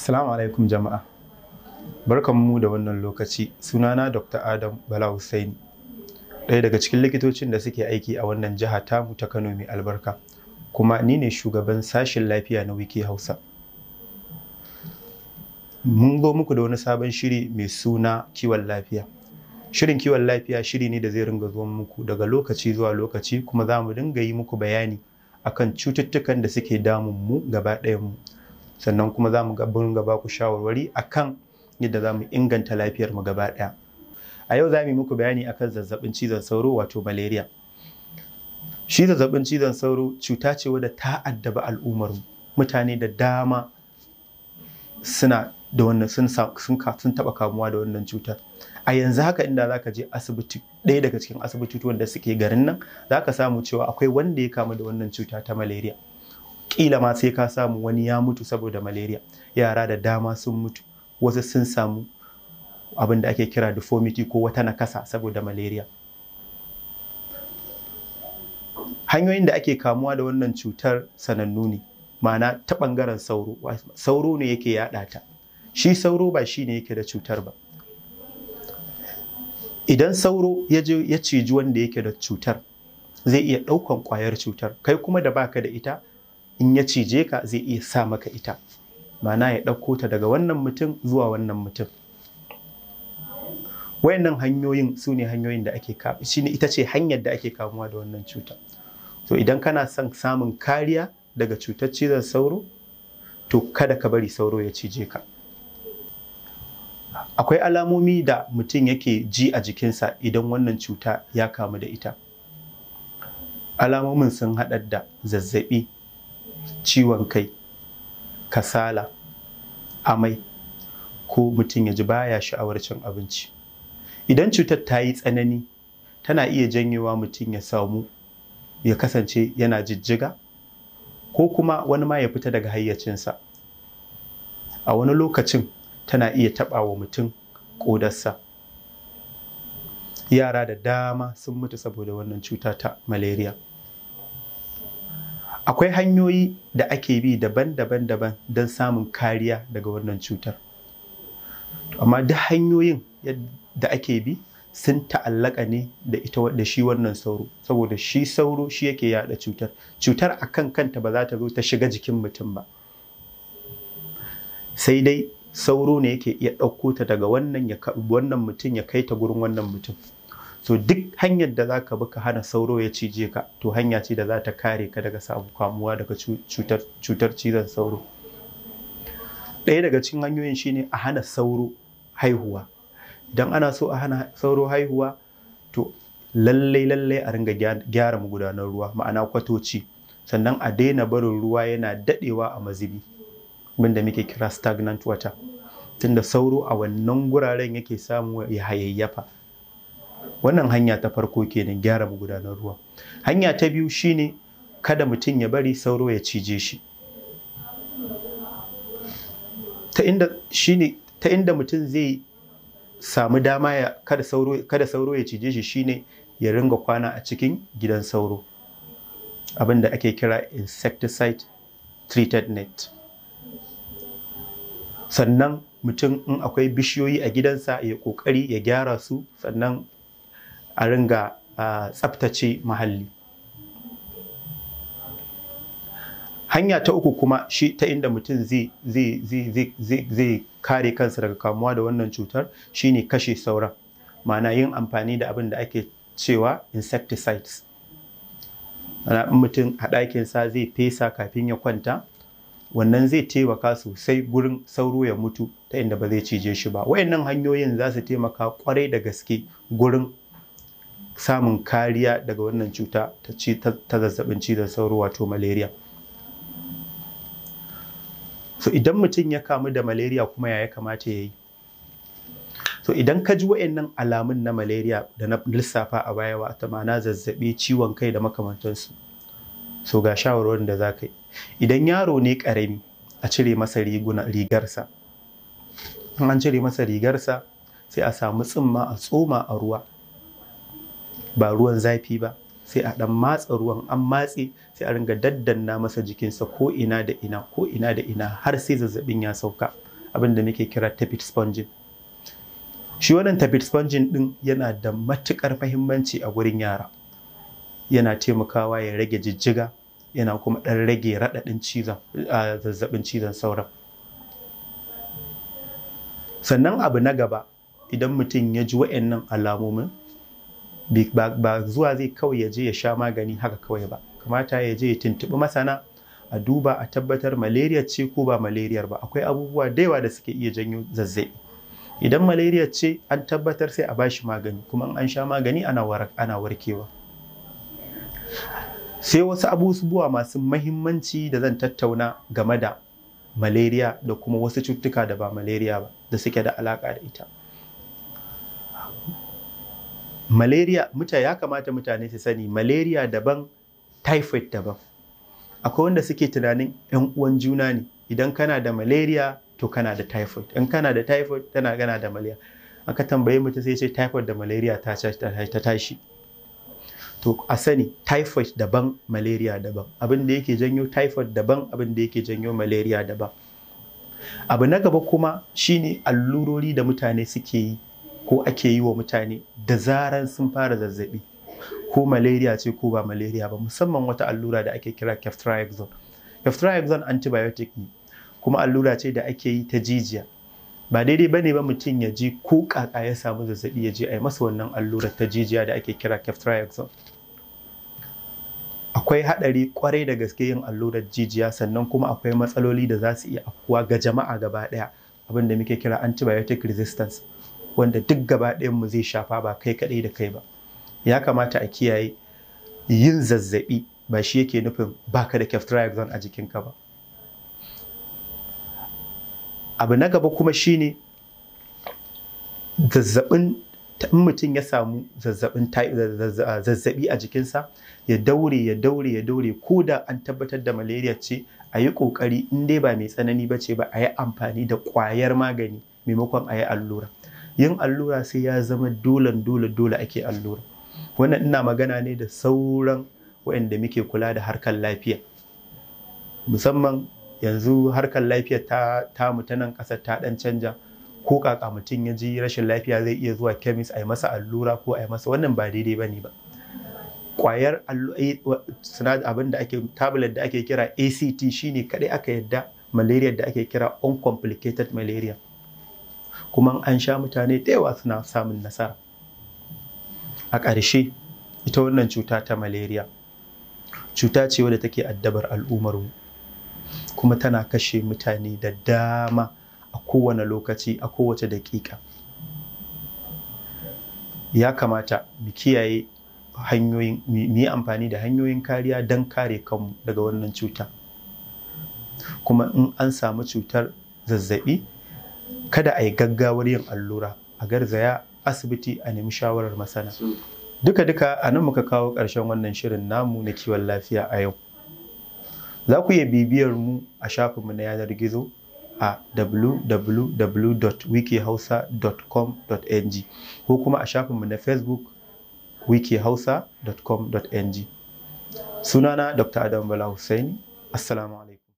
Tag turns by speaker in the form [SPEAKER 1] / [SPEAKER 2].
[SPEAKER 1] Assalamu alaikum jama'a. mu da wannan lokaci sunana Dr. Adam Bala Hussaini. Ɗaya daga cikin likitocin da suke aiki a wannan jiha tamu ta Kano mai albarka. Kuma ni ne shugaban sashen lafiya na Wiki Hausa. Mun zo muku da wani sabon shiri mai suna kiwon lafiya. Shirin kiwon lafiya shiri ne da zai ringa zuwa muku daga lokaci zuwa lokaci kuma za mu dinga yi muku bayani akan cututtukan da suke damun mu gaba ɗayan mu. sannan kuma za mu ga gaba ku shawarwari akan yadda za mu inganta lafiyar mu gaba ɗaya a yau za mu yi muku bayani akan zazzabin cizon sauro wato malaria shi zazzabin cizon sauro cuta ce wadda ta addaba al'ummar mutane da dama suna da wannan sun sun taba kamuwa da wannan cutar a yanzu haka inda zaka je asibiti ɗaya daga cikin asibitin wanda suke garin nan zaka samu cewa akwai wanda ya kamu da wannan cuta ta malaria kila ma sai ka samu wani ya mutu saboda malaria yara da dama sun mutu wasu sun samu abin da ake kira deformity ko wata nakasa saboda malaria hanyoyin da ake kamuwa da wannan cutar sanannu ne ma'ana ta ɓangaren sauro sauro ne yake yaɗa ta shi sauro ba shi ne yake da cutar ba idan sauro ya je ya ciji wanda yake da cutar zai iya ɗaukan ƙwayar cutar kai kuma da baka da ita in ya cije ka zai iya sa maka ita mana ya ɗauko ta daga wannan mutum zuwa wannan mutum wayannan hanyoyin su ne hanyoyin da ake shi ne ita ce hanyar da ake kamuwa da wannan cuta to idan kana son samun kariya daga cutar cizon sauro to kada ka bari sauro ya cije ka akwai alamomi da mutum yake ji a jikinsa idan wannan cuta ya kamu da ita alamomin sun haɗar da zazzaɓi ciwon kai kasala amai ko mutum ya ji baya sha'awar cin abinci idan cutar ta yi tsanani tana iya janyewa mutum ya samu ya kasance yana jijjiga ko kuma wani ma ya fita daga hayyacinsa a wani lokacin tana iya taɓa wa mutum ƙodarsa yara da dama sun mutu saboda wannan cuta ta malaria akwai hanyoyi da ake bi daban-daban daban don samun kariya daga wannan cutar amma duk hanyoyin da ake bi sun ta'allaka ne da ita da shi wannan sauro saboda shi sauro shi yake yada cutar cutar akan kanta ba za ta zo ta shiga jikin mutum ba sai dai sauro ne yake iya ɗauko ta daga wannan mutum ya kai ta gurin wannan mutum so duk hanyar da zaka bi ka hana sauro ya cije ka to hanya ce da za ta kare ka daga samun kamuwa daga cutar cizon sauro ɗaya daga cikin hanyoyin shine a hana sauro haihuwa idan ana so a hana sauro haihuwa to lallai lallai a ringa gyara magudanar ruwa ma'ana kwatoci sannan a daina barin ruwa yana dadewa a mazibi abinda muke kira stagnant water tunda sauro a wannan guraren yake samu ya hayayyafa wannan hanya ta farko kenan gyara magudanar ruwa hanya ta biyu shine kada mutum ya bari sauro ya cije shi ta inda shine ta inda mutum zai samu dama ya kada sauro kada sauro ya cije shi shine ya ringa kwana a cikin gidan sauro abin da ake kira insecticide treated net sannan mutum in akwai bishiyoyi a gidansa ya kokari ya gyara su sannan a ringa tsaftace muhalli hanya ta uku kuma shi ta inda mutum zai kare kansa daga kamuwa da wannan cutar shine kashe sauran ma'ana yin amfani da abin da ake cewa insecticides Mana mutum a ɗakinsa zai fesa kafin ya kwanta wannan zai taimaka sosai gurin sauro ya mutu ta inda ba zai cije shi ba wayannan hanyoyin za su taimaka kwarai da gaske gurin samun kariya daga wannan cuta ta zazzabin cizon sauro wato malaria so idan mutum ya kamu da malaria kuma ya kamata ya yi so idan ka ji wa'annan alamun na malaria da na lissafa a baya wa ta ma'ana zazzabi ciwon kai da makamantansu so ga shawarwarin da za ka idan yaro ne ƙarami a cire masa rigarsa an cire masa rigarsa sai a samu tsumma a tsoma a ruwa ba ruwan zafi ba sai a ɗan matsa ruwan an matse sai a ringa daddanna masa jikinsa ko ina da ina ko ina da ina har sai zazzabin ya sauka abin da muke kira tapit spongin shi wannan tapit spongin din yana da matukar fahimmanci a gurin yara yana taimakawa ya rage jijjiga yana kuma ɗan rage raɗaɗin cizon zazzabin cizon sauran sannan abu na gaba idan mutum ya ji wa'annan alamomin ba zuwa zai kawai ya je ya sha magani haka kawai ba kamata ya je ya tuntuɓi masana a duba a tabbatar malaria ce ko ba malaria ba akwai abubuwa da yawa da suke iya janyo zazzabi idan malaria ce an tabbatar sai a ba shi magani kuma an sha magani ana warkewa sai wasu abubuwa masu mahimmanci da zan tattauna game da malaria da kuma wasu cututtuka da ba malaria ba da suke da alaƙa da ita malaria Muta ya kamata mutane su sani malaria daban typhoid daban akwai wanda suke tunanin yan uwan juna ne idan kana da malaria to kana da typhoid in kana da typhoid tana gana da malaria aka tambaye mutum sai ce typhoid da malaria ta tashi to a sani typhoid daban malaria daban abin da yake janyo typhoid daban abin da yake janyo malaria daban abu na gaba kuma shine allurori da mutane suke yi ko ake yi wa mutane da zaran sun fara zazzabi ko malaria ce ko ba malaria ba musamman wata allura da ake kira ceftriaxone ceftriaxone antibiotic ne kuma allura ce da ake yi ta jijiya ba daidai ba ne ba mutum ya ji ko kaka ya samu zazzabi ya je a yi masa wannan allurar ta jijiya da ake kira ceftriaxone akwai haɗari kwarai da gaske yin allurar jijiya sannan kuma akwai matsaloli da za su iya afkuwa ga jama'a gaba ɗaya abin da muke kira antibiotic resistance wanda duk gaba mu zai shafa ba kai kaɗai da kai ba ya kamata a kiyaye yin zazzaɓi ba shi yake nufin baka da ceftriaxone a jikinka ba abu na gaba kuma shine zazzaɓin in mutum ya samu zazzaɓi a jikinsa ya daure ya daure ya daure ko da an tabbatar da malaria ce a yi ƙoƙari in dai ba mai tsanani ba ce ba a yi amfani da ƙwayar magani maimakon a yi allura yin allura sai ya zama dole dole dole ake allura wannan ina magana ne da sauran waɗanda muke kula da harkar lafiya musamman yanzu harkar lafiya ta tamu ta nan ƙasar ta ɗan canja ko kaka mutum ya ji rashin lafiya zai iya zuwa kemis a yi masa allura ko a yi masa wannan ba daidai ba ne ba kwayar eh, abin da ake tablet da ake kira act shine kaɗai aka yadda malaria da ake kira uncomplicated malaria kuma an sha mutane da yawa suna samun nasara a ƙarshe ita wannan cuta ta malaria cuta ce wadda take addabar al'ummarmu kuma tana kashe mutane da dama a kowane lokaci a kowace daƙiƙa ya kamata mu kiyaye hanyoyin mu yi amfani da hanyoyin kariya don kare kanmu daga wannan cuta kuma in an samu cutar zazzaɓi. kada a yi gaggawar yin allura a garzaya asibiti a nemi shawarar masana duka duka a nan muka kawo ƙarshen wannan shirin namu na kiwon lafiya a yau za ku iya bibiyar mu a shafinmu na yanar gizo a www.wikihausa.com.ng ko kuma a shafinmu na facebook wikihausa.com.ng sunana dr adam bala hussaini assalamu alaikum